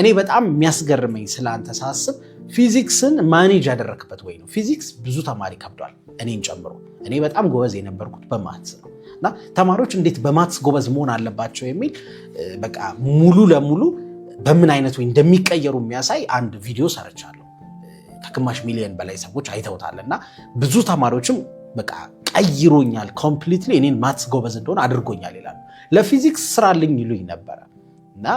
እኔ በጣም የሚያስገርመኝ አንተ ሳስብ ፊዚክስን ማኔጅ ያደረክበት ወይ ነው። ፊዚክስ ብዙ ተማሪ ከብዷል፣ እኔን ጨምሮ። እኔ በጣም ጎበዝ የነበርኩት በማትስ ነው እና ተማሪዎች እንዴት በማትስ ጎበዝ መሆን አለባቸው የሚል በቃ ሙሉ ለሙሉ በምን አይነት ወይ እንደሚቀየሩ የሚያሳይ አንድ ቪዲዮ ሰርቻለሁ። ከግማሽ ሚሊዮን በላይ ሰዎች አይተውታል እና ብዙ ተማሪዎችም በቃ ቀይሮኛል፣ ኮምፕሊትሊ እኔን ማትስ ጎበዝ እንደሆነ አድርጎኛል ይላሉ። ለፊዚክስ ስራልኝ ይሉኝ ነበረ እና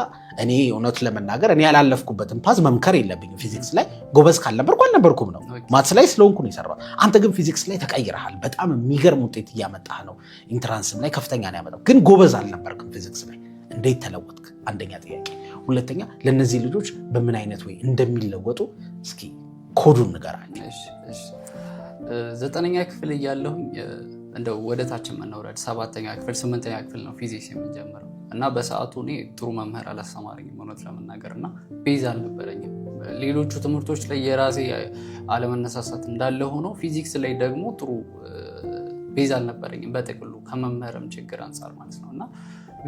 እኔ እውነቱ ለመናገር እኔ ያላለፍኩበትን ፓዝ መምከር የለብኝም። ፊዚክስ ላይ ጎበዝ ካልነበርኩ አልነበርኩም ነው። ማትስ ላይ ስለሆንኩ ነው የሰራሁት። አንተ ግን ፊዚክስ ላይ ተቀይረሃል። በጣም የሚገርም ውጤት እያመጣህ ነው። ኢንትራንስም ላይ ከፍተኛ ነው ያመጣው። ግን ጎበዝ አልነበርክም ፊዚክስ ላይ። እንዴት ተለወጥክ? አንደኛ ጥያቄ። ሁለተኛ ለእነዚህ ልጆች በምን አይነት ወይ እንደሚለወጡ እስኪ ኮዱን ንገራል። ዘጠነኛ ክፍል እያለሁኝ እንደው ወደ ታች የምንወረድ ሰባተኛ ክፍል ስምንተኛ ክፍል ነው ፊዚክስ የምንጀምረው እና በሰዓቱ እኔ ጥሩ መምህር አላስተማረኝም እውነት ለመናገር እና ቤዝ አልነበረኝም። ሌሎቹ ትምህርቶች ላይ የራሴ አለመነሳሳት እንዳለ ሆኖ ፊዚክስ ላይ ደግሞ ጥሩ ቤዝ አልነበረኝም በጥቅሉ ከመምህርም ችግር አንጻር ማለት ነው እና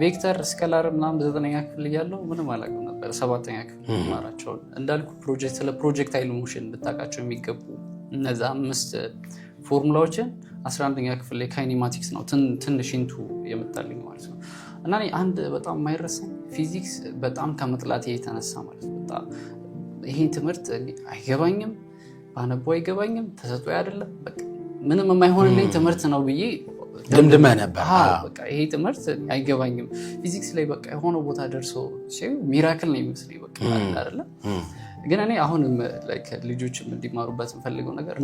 ቬክተር እስከላር ምናምን ዘጠነኛ ክፍል እያለው ምንም አላውቅም ነበር። ሰባተኛ ክፍል ማራቸውን እንዳልኩ ፕሮጀክት ስለ ፕሮጀክታይል ሞሽን ልታውቃቸው የሚገቡ እነዚ አምስት ፎርሙላዎችን 11ኛ ክፍል ላይ ካይኔማቲክስ ነው ትንሽ ኢንቱ የምታልኝ ማለት ነው። እና አንድ በጣም የማይረሳኝ ፊዚክስ በጣም ከመጥላት የተነሳ ማለት ነው ይሄ ትምህርት አይገባኝም፣ ባነበው አይገባኝም፣ ተሰጦ አይደለም ምንም የማይሆንልኝ ትምህርት ነው ብዬ ድምድመ ነበር። ይሄ ትምህርት አይገባኝም። ፊዚክስ ላይ በቃ የሆነ ቦታ ደርሶ ሚራክል ነው ይመስል አይደለም። ግን እኔ አሁንም ልጆችም እንዲማሩበት የምፈልገው ነገር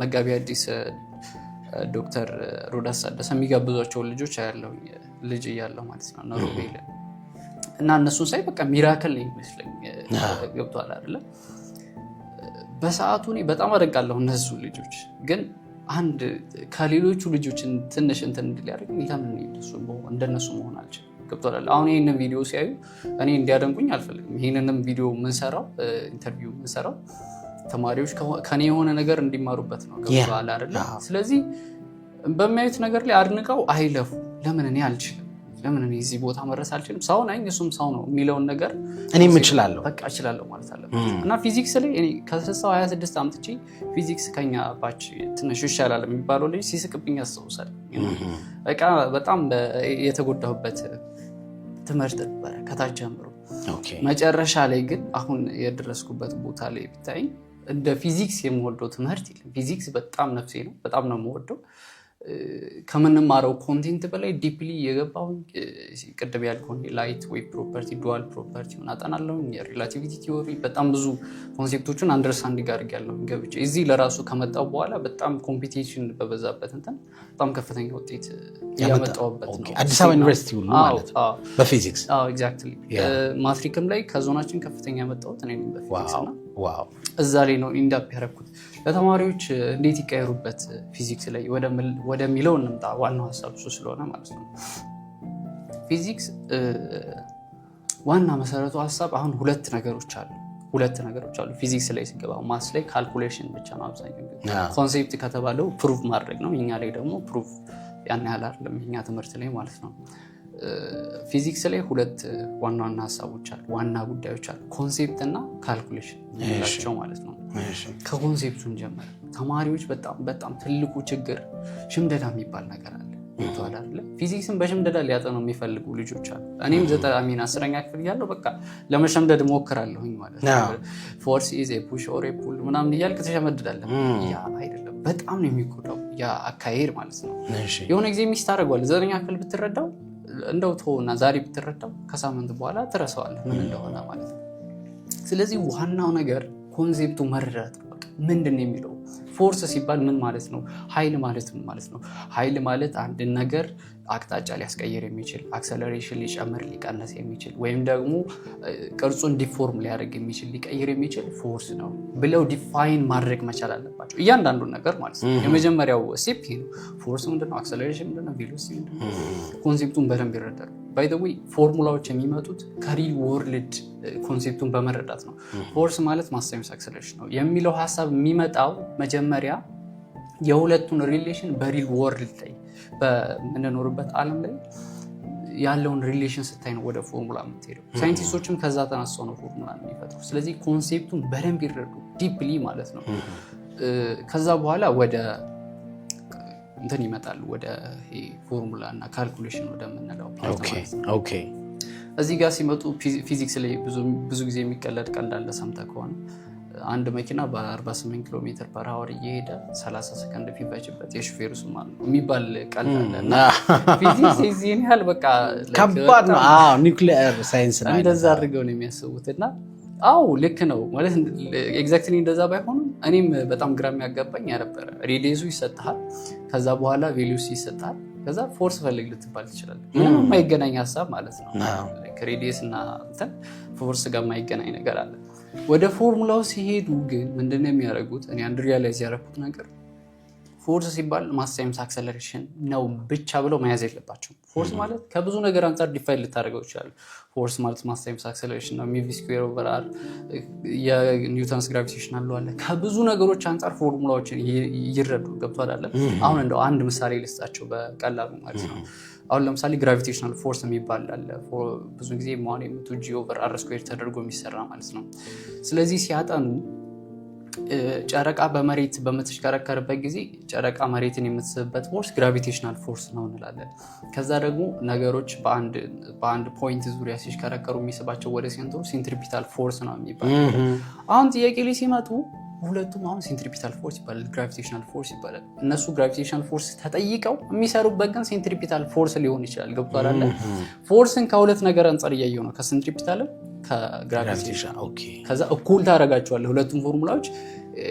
መጋቢ አዲስ ዶክተር ሮዳስ አደሰ የሚጋብዟቸውን ልጆች ያለው ልጅ እያለው ማለት ነው እና እና እነሱን ሳይ በቃ ሚራክል ይመስለኝ ገብቷል አይደለ በሰዓቱ እኔ በጣም አደንቃለሁ እነሱ ልጆች ግን አንድ ከሌሎቹ ልጆች ትንሽ እንትን እንድል ያደርግ ለምን እንደነሱ መሆን አልችል ገብቷል አሁን ይህንን ቪዲዮ ሲያዩ እኔ እንዲያደንቁኝ አልፈልግም ይህንንም ቪዲዮ ምንሰራው ኢንተርቪው ምንሰራው ተማሪዎች ከኔ የሆነ ነገር እንዲማሩበት ነው ገባል አይደለ? ስለዚህ በሚያዩት ነገር ላይ አድንቀው አይለፉ። ለምን እኔ አልችልም፣ ለምን እኔ እዚህ ቦታ መድረስ አልችልም፣ ሰው ነኝ እሱም ሰው ነው የሚለውን ነገር እኔም እችላለሁ፣ በቃ እችላለሁ ማለት አለበት እና ፊዚክስ ላይ እኔ ከስሳው 26 ዓመት አምጥቼ ፊዚክስ ከኛ ባች ትንሽ ይሻላል የሚባለው ልጅ ሲስቅብኝ ያስታውሳል። በቃ በጣም የተጎዳሁበት ትምህርት ነበረ ከታች ጀምሮ። መጨረሻ ላይ ግን አሁን የደረስኩበት ቦታ ላይ ብታይ እንደ ፊዚክስ የምወደው ትምህርት የለም። ፊዚክስ በጣም ነፍሴ ነው፣ በጣም ነው የምወደው። ከምንማረው ኮንቴንት በላይ ዲፕሊ የገባሁኝ ቅድም ያልከውን ላይት ወይ ፕሮፐርቲ፣ ዱዋል ፕሮፐርቲ አጠናለሁኝ። የሪላቲቪቲ ቲዎሪ በጣም ብዙ ኮንሴፕቶችን አንደርስታንድ ጋርግ ያለው ገብቼ እዚህ ለራሱ ከመጣው በኋላ በጣም ኮምፒቴሽን በበዛበት እንትን በጣም ከፍተኛ ውጤት ያመጣሁበት ነው። አዲስ አበባ ዩኒቨርሲቲ ሁሉ በፊዚክስ ኤግዛክትሊ። ማትሪክም ላይ ከዞናችን ከፍተኛ ያመጣሁት እኔ በፊዚክስ ነው። ዋው እዛ ላይ ነው ኢንዳፕ ያደረኩት። ለተማሪዎች እንዴት ይቀየሩበት ፊዚክስ ላይ ወደሚለው እንምጣ። ዋናው ሀሳብ እሱ ስለሆነ ማለት ነው። ፊዚክስ ዋና መሰረቱ ሀሳብ አሁን ሁለት ነገሮች አሉ ሁለት ነገሮች አሉ ፊዚክስ ላይ ሲገባ ማስ ላይ ካልኩሌሽን ብቻ ነው አብዛኛው። ኮንሴፕት ከተባለው ፕሩቭ ማድረግ ነው። እኛ ላይ ደግሞ ፕሩቭ ያን ያህል አይደለም፣ እኛ ትምህርት ላይ ማለት ነው። ፊዚክስ ላይ ሁለት ዋና ዋና ሀሳቦች አሉ፣ ዋና ጉዳዮች አሉ። ኮንሴፕት እና ካልኩሌሽን ላቸው ማለት ነው። ከኮንሴፕቱን ጀመረ ተማሪዎች በጣም በጣም ትልቁ ችግር ሽምደዳ የሚባል ነገር አለ። ፊዚክስን በሽምደዳ ሊያጠኑ የሚፈልጉ ልጆች አሉ። እኔም ዘጠሚን አስረኛ ክፍል እያለሁ በቃ ለመሸምደድ ሞክራለሁኝ ማለት ነው። ፎርስ ኢዝ ፑሽ ኦር ፑል ምናምን እያልክ ተሸመድዳለህ። ያ አይደለም፣ በጣም ነው የሚጎዳው ያ አካሄድ ማለት ነው። የሆነ ጊዜ ሚስት አደርገዋል። ዘጠኛ ክፍል ብትረዳው እንደው ተወውና ዛሬ ብትረዳው ከሳምንት በኋላ ትረሳዋለህ ምን እንደሆነ ማለት ነው። ስለዚህ ዋናው ነገር ኮንሴፕቱ መረዳት ምንድን የሚለው ፎርስ ሲባል ምን ማለት ነው? ኃይል ማለት ምን ማለት ነው? ኃይል ማለት አንድን ነገር አቅጣጫ ሊያስቀይር የሚችል አክሰለሬሽን ሊጨምር ሊቀነስ የሚችል ወይም ደግሞ ቅርጹን ዲፎርም ሊያደርግ የሚችል ሊቀይር የሚችል ፎርስ ነው ብለው ዲፋይን ማድረግ መቻል አለባቸው። እያንዳንዱን ነገር ማለት ነው። የመጀመሪያው ሲፕ ይሄ ነው። ፎርስ ምንድነው? አክሰለሬሽን ምንድነው? ቬሎሲቲ ምንድነው? ኮንሴፕቱን በደንብ ይረዳሉ። ባይ ዘ ፎርሙላዎች የሚመጡት ከሪል ወርልድ ኮንሴፕቱን በመረዳት ነው። ፎርስ ማለት ማስ አክሰለሬሽን ነው የሚለው ሀሳብ የሚመጣው መጀመሪያ የሁለቱን ሪሌሽን በሪል ወርልድ ላይ በምንኖርበት ዓለም ላይ ያለውን ሪሌሽን ስታይ ነው ወደ ፎርሙላ የምትሄደው። ሳይንቲስቶችም ከዛ ተነስተው ነው ፎርሙላ የሚፈጥሩ። ስለዚህ ኮንሴፕቱን በደንብ ይረዱ ዲፕሊ ማለት ነው። ከዛ በኋላ ወደ እንትን ይመጣሉ፣ ወደ ፎርሙላ እና ካልኩሌሽን ወደምንለው እዚህ ጋር ሲመጡ ፊዚክስ ላይ ብዙ ጊዜ የሚቀለድ ቀልድ አለ ሰምተህ ከሆነ አንድ መኪና በ48 ኪሎ ሜትር ፐር ሀወር እየሄደ 30 ሰከንድ ፊባችበት የሹፌሩ ስም አለ የሚባል ቀልድ አለ ፊዚክስ ያህል በቃ ከባድ ነው። ኒውክሊየር ሳይንስ ነው እንደዛ አድርገው ነው የሚያስቡት እና አው ልክ ነው ማለት ኤግዛክትሊ እንደዛ ባይሆንም እኔም በጣም ግራ የሚያጋባኝ ያነበረ ሪሌዙ ይሰጥሃል፣ ከዛ በኋላ ቬሊዩስ ይሰጥሃል፣ ከዛ ፎርስ ፈልግ ልትባል ትችላል። ምንም የማይገናኝ ሀሳብ ማለት ነው። ሬዲየስ እና ፎርስ ጋር የማይገናኝ ነገር አለ። ወደ ፎርሙላው ሲሄዱ ግን ምንድን ነው የሚያደርጉት? እኔ አንድ ሪያላይዝ ያደረኩት ነገር ፎርስ ሲባል ማስ ታይምስ አክሰለሬሽን ነው ብቻ ብለው መያዝ የለባቸው። ፎርስ ማለት ከብዙ ነገር አንጻር ዲፋይን ልታደርገው ይችላል። ፎርስ ማለት ማስ ታይምስ አክሰለሬሽን ነው፣ ሚቪ ስኩዌር ኦቨር አር፣ የኒውተንስ ግራቪቴሽን አለው አለ። ከብዙ ነገሮች አንጻር ፎርሙላዎችን ይረዱ። ገብቷል አለ። አሁን እንደው አንድ ምሳሌ ልስጣቸው በቀላሉ ማለት ነው አሁን ለምሳሌ ግራቪቴሽናል ፎርስ የሚባል አለ። ብዙ ጊዜ መዋን የምትጂ ኦቨር አር ተደርጎ የሚሰራ ማለት ነው። ስለዚህ ሲያጠኑ ጨረቃ በመሬት በምትሽከረከርበት ጊዜ ጨረቃ መሬትን የምትስብበት ፎርስ ግራቪቴሽናል ፎርስ ነው እንላለን። ከዛ ደግሞ ነገሮች በአንድ ፖይንት ዙሪያ ሲሽከረከሩ የሚስባቸው ወደ ሴንተሩ ሴንትሪፒታል ፎርስ ነው የሚባል። አሁን ጥያቄ ላይ ሲመጡ ሁለቱም አሁን ሴንትሪፒታል ፎርስ ይባላል፣ ግራቪቴሽናል ፎርስ ይባላል። እነሱ ግራቪቴሽናል ፎርስ ተጠይቀው የሚሰሩበት ግን ሴንትሪፒታል ፎርስ ሊሆን ይችላል። ገብቷል አለ ፎርስን ከሁለት ነገር አንጻር እያየው ነው፣ ከሴንትሪፒታልም ከግራቪቴሽን። ከዛ እኩል ታደርጋቸዋለህ ሁለቱም ፎርሙላዎች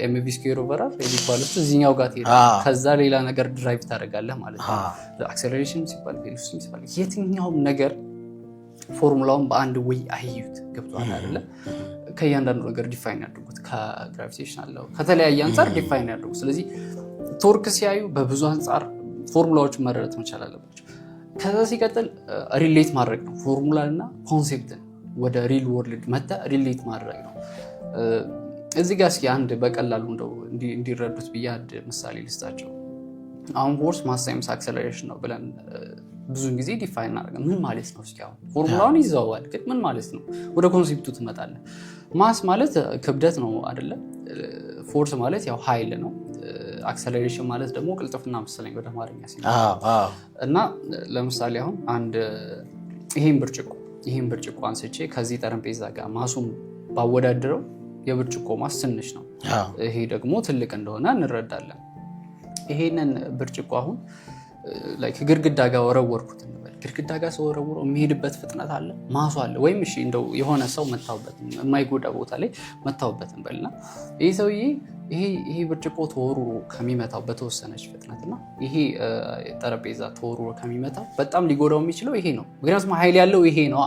ኤምቪ ስኩዌር ኦቨር አር የሚባለው እዚህኛው ጋር ትሄዳለህ። ከዛ ሌላ ነገር ድራይቭ ታደርጋለህ ማለት ነው። አክሰሌሬሽን ሲባል ቬሎሲቲ ሲባል የትኛውም ነገር ፎርሙላውን በአንድ ወይ አይዩት ገብቷል አይደለ? ከእያንዳንዱ ነገር ዲፋይን ያደርጉት ከግራቪቴሽን አለው ከተለያየ አንጻር ዲፋይን ያደርጉት። ስለዚህ ቶርክ ሲያዩ በብዙ አንጻር ፎርሙላዎችን መረረት መቻል አለባቸው። ከዛ ሲቀጥል ሪሌት uh, ማድረግ ነው። ፎርሙላን እና ኮንሴፕትን ወደ ሪል ወርልድ መታ ሪሌት ማድረግ ነው። uh, እዚህ ጋር እስኪ አንድ በቀላሉ እንደው እንዲረዱት ብዬ አንድ ምሳሌ ልስጣቸው። አሁን ፎርስ ማስ አክሰለሬሽን ነው ብለን uh, ብዙን ጊዜ ዲፋይን እናደርገን ምን ማለት ነው? እስኪ አሁን ፎርሙላውን ይዘዋል፣ ግን ምን ማለት ነው? ወደ ኮንሴፕቱ ትመጣለን። ማስ ማለት ክብደት ነው አይደለም ፎርስ ማለት ያው ኃይል ነው። አክሰሌሬሽን ማለት ደግሞ ቅልጥፍና መሰለኝ ወደ ማርኛ እና ለምሳሌ አሁን አንድ ይሄን ብርጭቆ ይሄን ብርጭቆ አንስቼ ከዚህ ጠረጴዛ ጋር ማሱም ባወዳድረው የብርጭቆ ማስ ትንሽ ነው፣ ይሄ ደግሞ ትልቅ እንደሆነ እንረዳለን። ይሄንን ብርጭቆ አሁን ግድግዳ ጋር ወረወርኩት ግድግዳ ጋር ሰወረውሮ የሚሄድበት ፍጥነት አለ፣ ማሱ አለ። ወይም እሺ እንደው የሆነ ሰው መታውበት የማይጎዳ ቦታ ላይ መታውበት በልና ይህ ሰውዬ ይሄ ብርጭቆ ተወርውሮ ከሚመታው በተወሰነች ፍጥነትና ይሄ ጠረጴዛ ተወርውሮ ከሚመታው በጣም ሊጎዳው የሚችለው ይሄ ነው። ምክንያቱም ኃይል ያለው ይሄ ነው።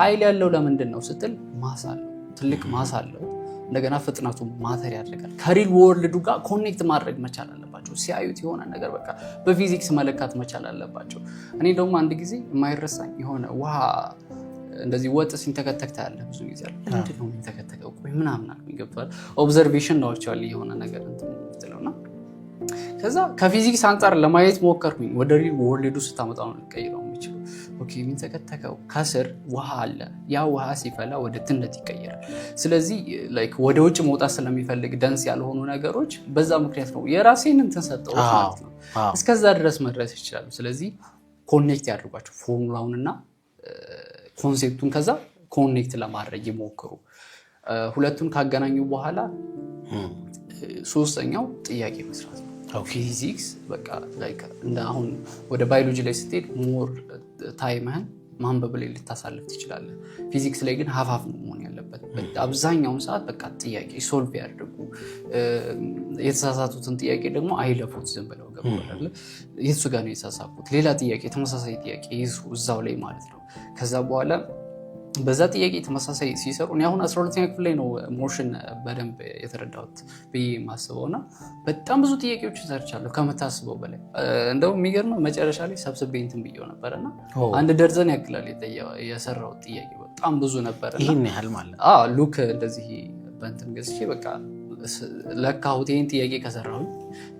ኃይል ያለው ለምንድን ነው ስትል ማስ አለው፣ ትልቅ ማስ አለው። እንደገና ፍጥነቱ ማተር ያደርጋል። ከሪል ወርልዱ ጋር ኮኔክት ማድረግ መቻል አለ ልጆቹ ሲያዩት የሆነ ነገር በቃ በፊዚክስ መለካት መቻል አለባቸው። እኔ ደግሞ አንድ ጊዜ የማይረሳኝ የሆነ ውሃ እንደዚህ ወጥ ሲንተከተክ ታያለህ። ብዙ ጊዜ አለ ምንድን ነው የሚንተከተከው? ቆይ ምናምን ገብተዋል። ኦብዘርቬሽን ናዎቸዋል የሆነ ነገር ትለውና ከዛ ከፊዚክስ አንጻር ለማየት ሞከርኩኝ። ወደ ሪል ወርልዱ ስታመጣ ነው ልቀይረው የምችለው ኦኬ፣ የሚንተከተከው ከስር ውሃ አለ። ያ ውሃ ሲፈላ ወደ ትነት ይቀየራል። ስለዚህ ወደ ውጭ መውጣት ስለሚፈልግ ደንስ ያልሆኑ ነገሮች በዛ ምክንያት ነው። የራሴን እንትን ሰጠው ማለት ነው። እስከዛ ድረስ መድረስ ይችላሉ። ስለዚህ ኮኔክት ያድርጓቸው ፎርሙላውን እና ኮንሴፕቱን ከዛ ኮኔክት ለማድረግ ይሞክሩ። ሁለቱን ካገናኙ በኋላ ሶስተኛው ጥያቄ መስራት ነው። ፊዚክስ በቃ እንደ አሁን ወደ ባዮሎጂ ላይ ስትሄድ ሞር ታይምህን ማንበብ ላይ ልታሳልፍ ትችላለ ፊዚክስ ላይ ግን ሀፋፍ ነው መሆን ያለበት። አብዛኛውን ሰዓት በቃ ጥያቄ ሶልቭ ያደርጉ የተሳሳቱትን ጥያቄ ደግሞ አይለፉት፣ ዝም ብለው ገባለ የሱ ጋር ነው የተሳሳቁት ሌላ ጥያቄ ተመሳሳይ ጥያቄ ይዙ እዛው ላይ ማለት ነው። ከዛ በኋላ በዛ ጥያቄ ተመሳሳይ ሲሰሩ እኔ አሁን 12ኛ ክፍል ላይ ነው ሞሽን በደንብ የተረዳሁት ብዬ የማስበው እና በጣም ብዙ ጥያቄዎች ሰርቻለሁ ከምታስበው በላይ እንደውም የሚገርመው መጨረሻ ላይ ሰብስቤ እንትን ብዬው ነበረ እና አንድ ደርዘን ያክላል የሰራው ጥያቄ በጣም ብዙ ነበረ። ይህን ያህል ማለት ሉክ እንደዚህ በንትን ገዝቼ በቃ ለካሁት ይህን ጥያቄ ከሰራሁኝ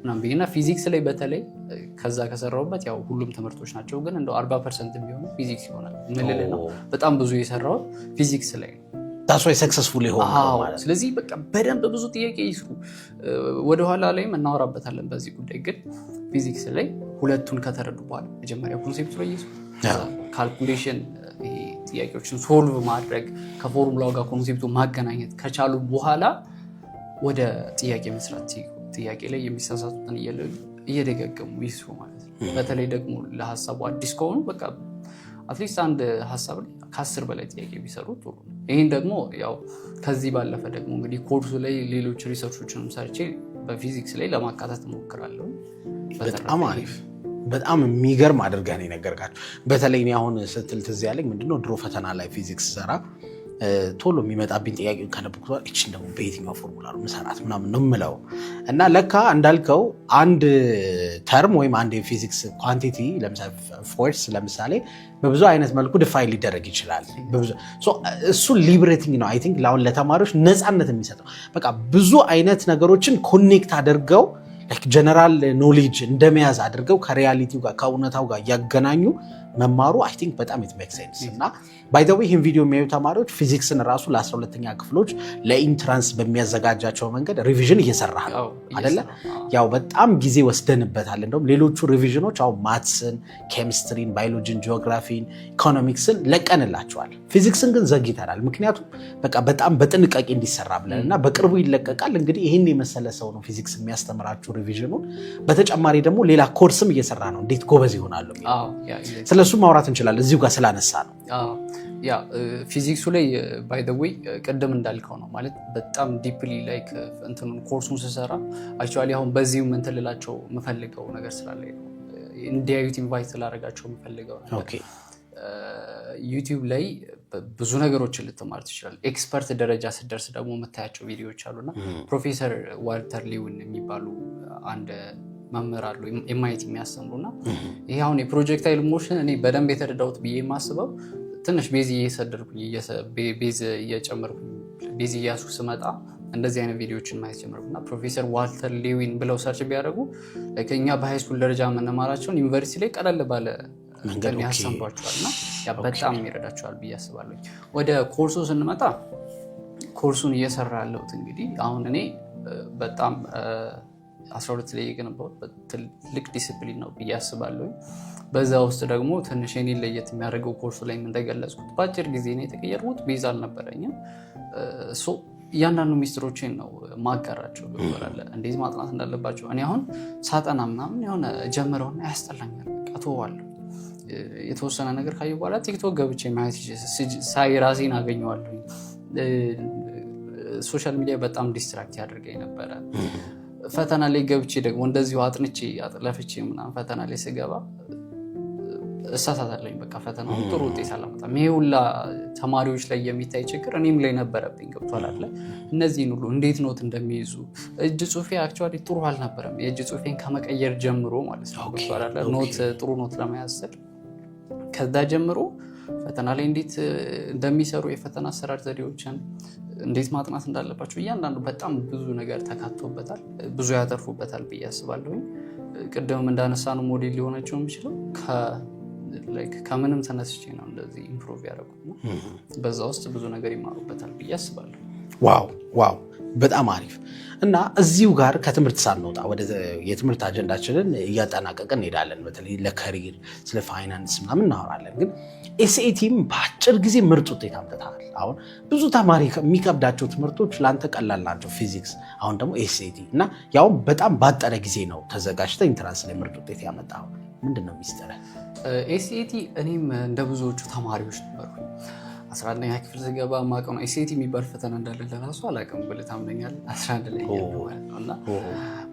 ምናምን ብዬ ፊዚክስ ላይ በተለይ ከዛ ከሰራውበት ያው ሁሉም ትምህርቶች ናቸው፣ ግን እንደ አርባ ፐርሰንት የሚሆኑ ፊዚክስ ይሆናል ምልል ነው። በጣም ብዙ የሰራውን ፊዚክስ ላይ ነው። ሰክሰስፉል የሆነ ስለዚህ በቃ በደንብ ብዙ ጥያቄ ይስሩ። ወደኋላ ላይም እናወራበታለን በዚህ ጉዳይ። ግን ፊዚክስ ላይ ሁለቱን ከተረዱ በኋላ መጀመሪያ ኮንሴፕቱ ላይ ይስሩ። ካልኩሌሽን ጥያቄዎችን ሶልቭ ማድረግ ከፎርሙላው ጋር ኮንሴፕቱ ማገናኘት ከቻሉ በኋላ ወደ ጥያቄ መስራት ጥያቄ ላይ የሚሳሳቱትን እየለዩ እየደጋገሙ ይስሩ ማለት ነው። በተለይ ደግሞ ለሀሳቡ አዲስ ከሆኑ በቃ አትሊስት አንድ ሀሳብ ከአስር በላይ ጥያቄ ቢሰሩ ጥሩ ነው። ይህን ደግሞ ያው ከዚህ ባለፈ ደግሞ እንግዲህ ኮርሱ ላይ ሌሎች ሪሰርቾችንም ሰርቼ በፊዚክስ ላይ ለማካተት ሞክራለሁ በጣም አሪፍ በጣም የሚገርም አድርገን ነው የነገርካቸው። በተለይ አሁን ስትል ትዝ ያለኝ ምንድነው ድሮ ፈተና ላይ ፊዚክስ ሰራ ቶሎ የሚመጣብኝ ጥያቄ ካለብኩ እችን ደግሞ በየትኛው ፎርሙላ ነው ምሰራት ምናምን ነው ምለው እና ለካ እንዳልከው አንድ ተርም ወይም አንድ የፊዚክስ ኳንቲቲ ፎርስ ለምሳሌ በብዙ አይነት መልኩ ድፋይ ሊደረግ ይችላል። እሱ ሊብሬቲንግ ነው አይ ቲንክ ለአሁን ለተማሪዎች ነፃነት የሚሰጠው በቃ ብዙ አይነት ነገሮችን ኮኔክት አድርገው ጀነራል ኖሌጅ እንደመያዝ አድርገው ከሪያሊቲው ጋር ከእውነታው ጋር እያገናኙ መማሩ አይ ቲንክ በጣም ኢት ሜክ ሴንስ እና ባይዘዌ ይህን ቪዲዮ የሚያዩ ተማሪዎች ፊዚክስን ራሱ ለ12ተኛ ክፍሎች ለኢንትራንስ በሚያዘጋጃቸው መንገድ ሪቪዥን እየሰራ አደለ? ያው በጣም ጊዜ ወስደንበታል። እንደውም ሌሎቹ ሪቪዥኖች አሁን ማትስን፣ ኬሚስትሪን፣ ባዮሎጂን፣ ጂኦግራፊን፣ ኢኮኖሚክስን ለቀንላቸዋል። ፊዚክስን ግን ዘግይተናል። ምክንያቱም በቃ በጣም በጥንቃቄ እንዲሰራ ብለን እና በቅርቡ ይለቀቃል። እንግዲህ ይህን የመሰለ ሰው ነው ፊዚክስ የሚያስተምራችሁ ሪቪዥኑን። በተጨማሪ ደግሞ ሌላ ኮርስም እየሰራ ነው እንዴት ጎበዝ ይሆናሉ። ስለሱ ማውራት እንችላለን እዚሁ ጋር ስላነሳ ነው ያ ፊዚክሱ ላይ ባይ ዘ ዌይ ቅድም እንዳልከው ነው ማለት በጣም ዲፕሊ ላይክ እንትኑን ኮርሱን ስሰራ አክቹዋሊ አሁን በዚህ ምንትልላቸው የምፈልገው ነገር ስላለ እንዲያዩት ኢንቫይት ላደርጋቸው የምፈልገው ነገር ዩቲዩብ ላይ ብዙ ነገሮችን ልትማር ትችላል። ኤክስፐርት ደረጃ ስደርስ ደግሞ የምታያቸው ቪዲዮዎች አሉና ፕሮፌሰር ዋልተር ሊውን የሚባሉ አንድ መምህር አሉ ኤምአይቲ እና ይሄ አሁን የፕሮጀክታይል ሞሽን እኔ በደንብ የተረዳሁት ብዬ የማስበው ትንሽ ቤዝ እየሰደርኩኝ ቤዝ እየጨመርኩኝ ቤዝ እያሱ ስመጣ እንደዚህ አይነት ቪዲዮዎችን ማየት ጀምር ጀመርኩና ፕሮፌሰር ዋልተር ሌዊን ብለው ሰርች ቢያደርጉ እኛ በሃይስኩል ደረጃ የምንማራቸውን ዩኒቨርሲቲ ላይ ቀለል ባለ ያሰንቧቸዋል እና በጣም ይረዳቸዋል ብዬ አስባለሁ። ወደ ኮርሱ ስንመጣ ኮርሱን እየሰራ ያለሁት እንግዲህ አሁን እኔ በጣም 12 ላይ የገነባሁት ትልቅ ዲስፕሊን ነው ብዬ አስባለሁ። በዛ ውስጥ ደግሞ ትንሽ የኔን ለየት የሚያደርገው ኮርሱ ላይ እንደገለጽኩት በአጭር ጊዜ ነው የተቀየርኩት። ቤዝ አልነበረኝም። እያንዳንዱ ሚስጥሮችን ነው ማጋራቸው። ብላለ እንዴት ማጥናት እንዳለባቸው እኔ አሁን ሳጠና ምናምን የሆነ ጀምረውና ያስጠላኛል፣ እተወዋለሁ። የተወሰነ ነገር ካየሁ በኋላ ቲክቶክ ገብቼ ማየት ሳይ ራሴን አገኘዋለሁ። ሶሻል ሚዲያ በጣም ዲስትራክት ያደርገኝ ነበረ። ፈተና ላይ ገብቼ ደግሞ እንደዚሁ አጥንቼ አጥለፍቼ ምናምን ፈተና ላይ ስገባ እሳሳታለኝ። በቃ ፈተና ጥሩ ውጤት አላመጣም። ይሄ ሁላ ተማሪዎች ላይ የሚታይ ችግር እኔም ላይ ነበረብኝ። ገብቷል አለ እነዚህን ሁሉ እንዴት ኖት እንደሚይዙ እጅ ጽሁፌ አክ ጥሩ አልነበረም። የእጅ ጽሁፌን ከመቀየር ጀምሮ ማለት ነው። ኖት ጥሩ ኖት ለመያዝ ስል ከዛ ጀምሮ ፈተና ላይ እንዴት እንደሚሰሩ የፈተና አሰራር ዘዴዎችን እንዴት ማጥናት እንዳለባቸው እያንዳንዱ በጣም ብዙ ነገር ተካቶበታል። ብዙ ያተርፉበታል ብዬ አስባለሁ። ቅድምም እንዳነሳ ነው ሞዴል ሊሆነችው የሚችለው ከምንም ተነስቼ ነው እንደዚህ ኢምፕሮቭ ያደረጉት ነው። በዛ ውስጥ ብዙ ነገር ይማሩበታል ብዬ አስባለሁ። ዋው ዋው በጣም አሪፍ እና እዚሁ ጋር ከትምህርት ሳንወጣ ወደ የትምህርት አጀንዳችንን እያጠናቀቀ እንሄዳለን። በተለይ ለከሪር ስለ ፋይናንስ ምናምን እናወራለን ግን ኤስኤቲም በአጭር ጊዜ ምርጥ ውጤት አምጥተሃል። አሁን ብዙ ተማሪ የሚከብዳቸው ትምህርቶች ለአንተ ቀላል ናቸው፣ ፊዚክስ። አሁን ደግሞ ኤስኤቲ እና ያውም በጣም ባጠረ ጊዜ ነው ተዘጋጅተ ኢንትራንስ ላይ ምርጥ ውጤት ያመጣ ምንድን ነው ሚስጥርህ? ኤስኤቲ እኔም እንደ ብዙዎቹ ተማሪዎች ነበሩ። አስራ አንደኛ ክፍል ስገባ የማውቀው ነው። ኤስኤቲ የሚባል ፈተና እንዳለ ለራሱ አላውቅም ብለህ ታምነኛለህ? አስራ አንድ ላይ ነው እና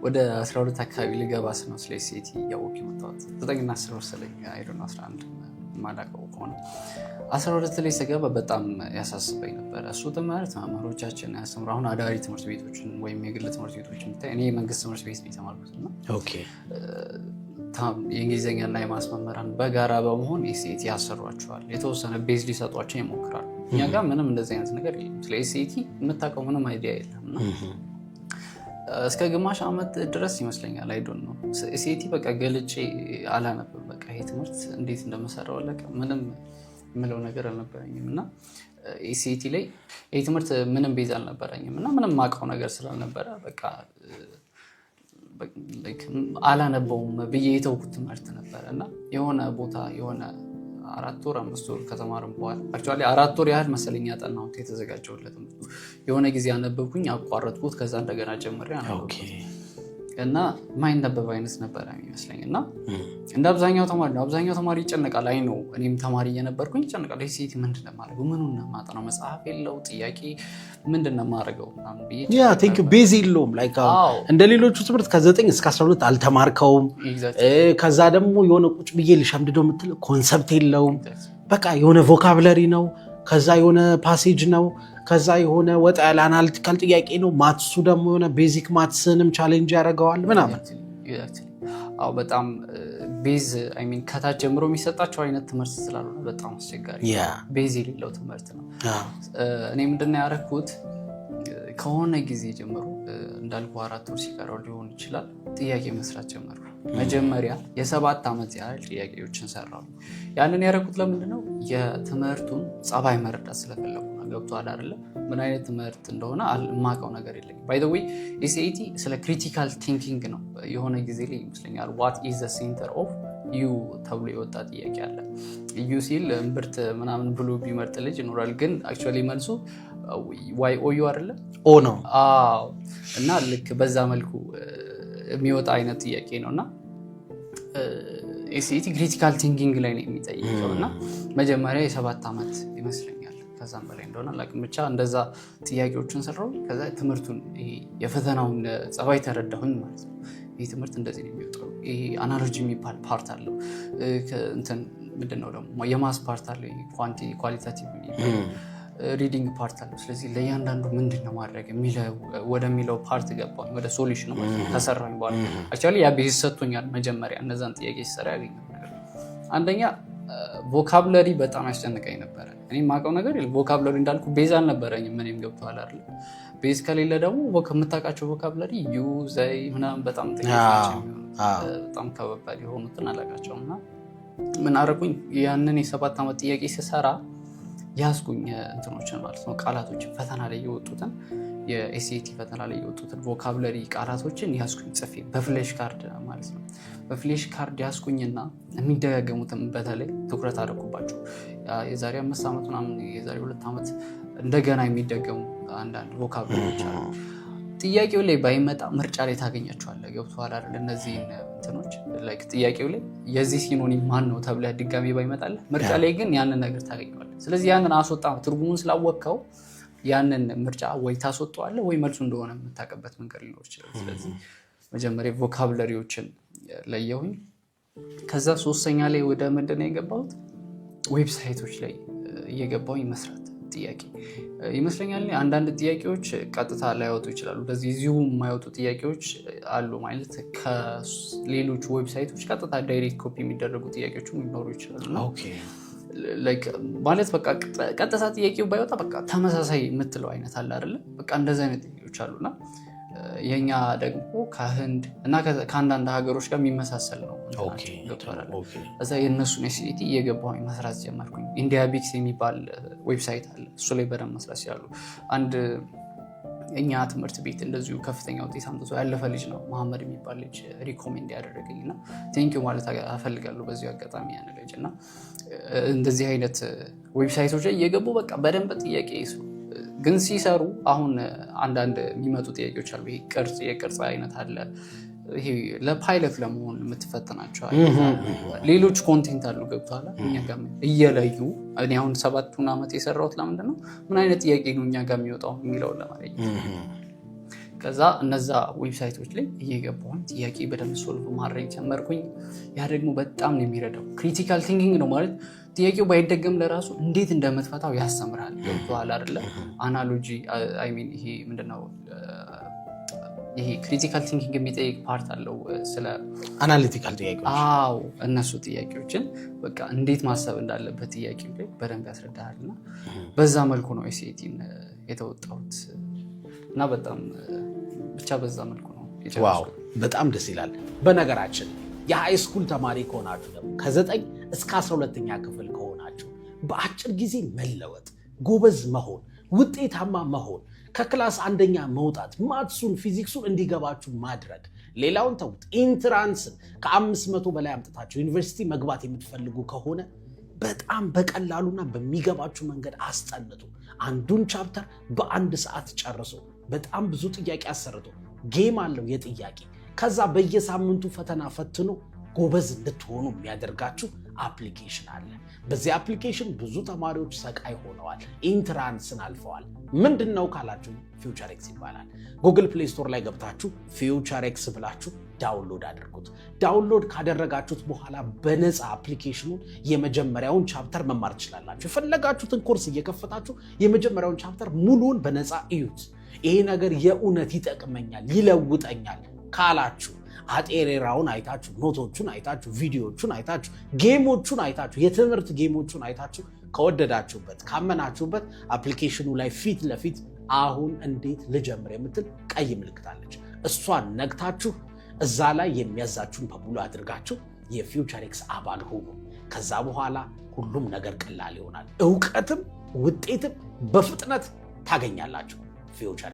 ወደ 12 አካባቢ ልገባ ስነው ስለ ኤስኤቲ እያወቅሁ የመጣሁት ዘጠኝና አስር መሰለኝ አይደል ነው 11 ማላቀው ከሆነ አስራ ሁለት ላይ ስገባ በጣም ያሳስበኝ ነበር። እሱ ትምህርት መምህሮቻችን ያስተምሩ። አሁን አዳሪ ትምህርት ቤቶችን ወይም የግል ትምህርት ቤቶችን ብታይ፣ እኔ የመንግስት ትምህርት ቤት ነው የተማርኩት የእንግሊዝኛና የማስ በጋራ በመሆን ኤስኤቲ ያሰሯቸዋል። የተወሰነ ቤዝ ሊሰጧቸው ይሞክራሉ። እኛ ጋር ምንም እንደዚህ አይነት ነገር የለም። ስለ ኤስኤቲ የምታውቀው ምንም አይዲያ የለም እና እስከ ግማሽ ዓመት ድረስ ይመስለኛል አይዶን ነው ኤስኤቲ በቃ ገልጬ አላነብም። ይሄ ትምህርት እንዴት እንደመሰራው አለቀ። ምንም የምለው ነገር አልነበረኝም እና ኢሲቲ ላይ ይህ ትምህርት ምንም ቤዝ አልነበረኝም እና ምንም ማውቀው ነገር ስላልነበረ በቃ አላነበውም ብዬ የተውኩት ትምህርት ነበረ እና የሆነ ቦታ የሆነ አራት ወር አምስት ወር ከተማርም በኋላ አክቹዋሊ አራት ወር ያህል መሰለኝ ያጠናሁት የተዘጋጀሁለት የሆነ ጊዜ አነበብኩኝ፣ አቋረጥኩት። ከዛ እንደገና ጀምሬ አነበብኩት። እና የማይነበብ አይነት ነበረ የሚመስለኝ እና እንደ አብዛኛው ተማሪ ነው። አብዛኛው ተማሪ ይጨነቃል። አይ ነው እኔም ተማሪ እየነበርኩኝ ይጨነቃል። ሴት ምንድን ነው ምኑ ነማጥ ነው መጽሐፍ የለው ጥያቄ ምንድን ነው የማደርገው? ቤዝ የለውም። እንደ ሌሎቹ ትምህርት ከዘጠኝ እስከ አስራ ሁለት አልተማርከውም። ከዛ ደግሞ የሆነ ቁጭ ብዬ ልሻምድደው የምትል ኮንሰፕት የለውም። በቃ የሆነ ቮካብለሪ ነው ከዛ የሆነ ፓሴጅ ነው። ከዛ የሆነ ወጣ ያለ አናልቲካል ጥያቄ ነው። ማትሱ ደግሞ የሆነ ቤዚክ ማትስንም ቻሌንጅ ያደርገዋል ምናምን። በጣም ቤዝ አይ ሚን ከታች ጀምሮ የሚሰጣቸው አይነት ትምህርት ስላልሆነ በጣም አስቸጋሪ ቤዝ የሌለው ትምህርት ነው። uh, እኔ ምንድን ነው ያደረኩት uh, ከሆነ ጊዜ ጀምሮ uh, እንዳልኩ አራት ወር ሲቀረው ሊሆን ይችላል ጥያቄ መስራት ጀመሩ። መጀመሪያ የሰባት ዓመት ያህል ጥያቄዎችን ሰራ ያንን ያደረኩት ለምንድነው ነው? የትምህርቱን ጸባይ መረዳት ስለፈለጉ ገብቶ አዳርለ ምን አይነት ትምህርት እንደሆነ የማቀው ነገር የለኝ ባይ ወይ ኤስኤቲ ስለ ክሪቲካል ቲንኪንግ ነው የሆነ ጊዜ ላይ ይመስለኛል ዋት ኢዝ ሴንተር ኦፍ ዩ ተብሎ የወጣ ጥያቄ አለ። ዩ ሲል እምብርት ምናምን ብሎ ቢመርጥ ልጅ ይኖራል። ግን አክቹዋሊ መልሱ ዋይ ኦ አይደለም? ኦ ነው። እና ልክ በዛ መልኩ የሚወጣ አይነት ጥያቄ ነው እና ኤስኢቲ ክሪቲካል ቲንኪንግ ላይ ነው የሚጠይቀው እና መጀመሪያ የሰባት ዓመት ይመስለኛል ከዛም በላይ እንደሆነ አላውቅም። ብቻ እንደዛ ጥያቄዎችን ሰራው። ከዛ ትምህርቱን የፈተናውን ጸባይ ተረዳሁኝ ማለት ነው። ይህ ትምህርት እንደዚህ ነው የሚወጣው። ይህ አናሎጂ የሚባል ፓርት አለው። እንትን ምንድን ደግሞ የማስ ፓርት አለ ኳሊታቲቭ ሪዲንግ ፓርት አለው። ስለዚህ ለእያንዳንዱ ምንድን ነው ማድረግ ወደሚለው ፓርት ገባሁኝ፣ ወደ ሶሉሽን ተሰራኝ። በኋላ አክቹዋሊ ያ ቤዝ ሰጥቶኛል። መጀመሪያ እነዛን ጥያቄ ሲሰራ ያገኘ ነገር አንደኛ ቮካብለሪ በጣም ያስጨንቀኝ ነበረ። እኔ ማቀው ነገር ቮካብለሪ እንዳልኩ ቤዝ አልነበረኝ ምንም ገብተዋል አለ ቤዝ ከሌለ ደግሞ ከምታውቃቸው ቮካብለሪ ዩ ዘይ ምናምን በጣም በጣም ከበባድ የሆኑትን አላውቃቸውም እና ምን አደረኩኝ ያንን የሰባት ዓመት ጥያቄ ስሰራ ያስጉኝ እንትኖችን ማለት ነው ቃላቶችን ፈተና ላይ የወጡትን የኤስኤቲ ፈተና ላይ የወጡትን ቮካብለሪ ቃላቶችን ያስጉኝ ጽፌ በፍሌሽ ካርድ ማለት ነው። በፍሌሽ ካርድ ያስጉኝና የሚደጋገሙትን በተለይ ትኩረት አድርጉባቸው የዛሬ አምስት ዓመት ምናምን የዛሬ ሁለት ዓመት እንደገና የሚደገሙ አንዳንድ ቮካብለሪዎች አሉ። ጥያቄው ላይ ባይመጣ ምርጫ ላይ ታገኛቸዋለህ። ገብቶሃል አይደል? እነዚህን እንትኖች ጥያቄው ላይ የዚህ ሲኖኒም ማን ነው ተብለ ድጋሜ ባይመጣለ ምርጫ ላይ ግን ያንን ነገር ታገኘዋለ ስለዚህ ያንን አስወጣ ትርጉሙን ስላወቅከው ያንን ምርጫ ወይ ታስወጠዋለ ወይ መልሱ እንደሆነ የምታቀበት መንገድ ሊኖር ይችላል። ስለዚህ መጀመሪያ ቮካብለሪዎችን ለየሁኝ። ከዛ ሶስተኛ ላይ ወደ ምንድን የገባሁት? ዌብሳይቶች ላይ እየገባሁኝ መስራት ጥያቄ ይመስለኛል። አንዳንድ ጥያቄዎች ቀጥታ ላይወጡ ይችላሉ። እንደዚህ እዚሁ የማይወጡ ጥያቄዎች አሉ ማለት ከሌሎች ዌብሳይቶች ቀጥታ ዳይሬክት ኮፒ የሚደረጉ ጥያቄዎች ሊኖሩ ይችላሉ። ማለት በቃ ቀጥታ ጥያቄው ባይወጣ በቃ ተመሳሳይ የምትለው አይነት አለ አይደለም በቃ እንደዚህ አይነት ጥያቄዎች አሉና የኛ ደግሞ ከህንድ እና ከአንዳንድ ሀገሮች ጋር የሚመሳሰል ነው። እዛ የእነሱን ኤስኢቲ እየገባሁ መስራት ጀመርኩኝ። ኢንዲያቢክስ የሚባል ዌብሳይት አለ። እሱ ላይ በደንብ መስራት ይችላሉ። አንድ እኛ ትምህርት ቤት እንደዚሁ ከፍተኛ ውጤት አምጥቶ ያለፈ ልጅ ነው መሐመድ የሚባል ልጅ ሪኮሜንድ ያደረገኝ እና ቴንኪው ማለት አፈልጋለሁ በዚ አጋጣሚ ያን ልጅ እና እንደዚህ አይነት ዌብሳይቶች ላይ እየገቡ በቃ በደንብ ጥያቄ ይስሉ ግን ሲሰሩ አሁን አንዳንድ የሚመጡ ጥያቄዎች አሉ። ይሄ ቅርጽ የቅርጽ አይነት አለ። ይሄ ለፓይለት ለመሆን የምትፈትናቸው ሌሎች ኮንቴንት አሉ። ገብቶሃል? እኛ ጋ እየለዩ እኔ አሁን ሰባቱን ዓመት የሰራሁት ለምንድን ነው ምን አይነት ጥያቄ ነው እኛ ጋር የሚወጣው የሚለውን ለማለየት ከዛ እነዛ ዌብሳይቶች ላይ እየገባሁኝ ጥያቄ በደንብ ሶልቭ ማድረግ ጀመርኩኝ። ያ ደግሞ በጣም ነው የሚረዳው። ክሪቲካል ቲንኪንግ ነው ማለት ጥያቄው ባይደገም ለራሱ እንዴት እንደምትፈታው ያስተምራል። በኋላ አደለ አናሎጂ ሚን ይሄ ምንድነው ይሄ ክሪቲካል ቲንኪንግ የሚጠይቅ ፓርት አለው። ስለ አናሊቲካል ጥያቄዎች አዎ፣ እነሱ ጥያቄዎችን በቃ እንዴት ማሰብ እንዳለበት ጥያቄ ላይ በደንብ ያስረዳል እና በዛ መልኩ ነው ሴቲን የተወጣሁት እና በጣም ብቻ በዛ መልኩ ነው። ዋው በጣም ደስ ይላል። በነገራችን የሃይስኩል ተማሪ ከሆናችሁ ደግሞ ከዘጠኝ እስከ 12ኛ ክፍል ከሆናችሁ በአጭር ጊዜ መለወጥ፣ ጎበዝ መሆን፣ ውጤታማ መሆን፣ ከክላስ አንደኛ መውጣት፣ ማትሱን ፊዚክሱን እንዲገባችሁ ማድረግ፣ ሌላውን ተውት። ኢንትራንስን ከአምስት መቶ በላይ አምጥታችሁ ዩኒቨርሲቲ መግባት የምትፈልጉ ከሆነ በጣም በቀላሉና በሚገባችሁ መንገድ አስጠንቱ። አንዱን ቻፕተር በአንድ ሰዓት ጨርሶ በጣም ብዙ ጥያቄ አሰርቶ ጌም አለው የጥያቄ ከዛ በየሳምንቱ ፈተና ፈትኖ ጎበዝ እንድትሆኑ የሚያደርጋችሁ አፕሊኬሽን አለ። በዚህ አፕሊኬሽን ብዙ ተማሪዎች ሰቃይ ሆነዋል፣ ኢንትራንስን አልፈዋል። ምንድን ነው ካላችሁ ፊውቸር ኤክስ ይባላል። ጉግል ፕሌይ ስቶር ላይ ገብታችሁ ፊውቸር ኤክስ ብላችሁ ዳውንሎድ አድርጉት። ዳውንሎድ ካደረጋችሁት በኋላ በነፃ አፕሊኬሽኑን የመጀመሪያውን ቻፕተር መማር ትችላላችሁ። የፈለጋችሁትን ኮርስ እየከፈታችሁ የመጀመሪያውን ቻፕተር ሙሉውን በነፃ እዩት። ይሄ ነገር የእውነት ይጠቅመኛል፣ ይለውጠኛል ካላችሁ አጤሬራውን አይታችሁ ኖቶቹን አይታችሁ ቪዲዮቹን አይታችሁ ጌሞቹን አይታችሁ የትምህርት ጌሞቹን አይታችሁ ከወደዳችሁበት ካመናችሁበት አፕሊኬሽኑ ላይ ፊት ለፊት አሁን እንዴት ልጀምር የምትል ቀይ ምልክታለች። እሷን ነግታችሁ እዛ ላይ የሚያዛችሁን በሙሉ አድርጋችሁ የፊውቸር ኤክስ አባል ሆኑ። ከዛ በኋላ ሁሉም ነገር ቀላል ይሆናል። እውቀትም ውጤትም በፍጥነት ታገኛላችሁ። ፊውቸር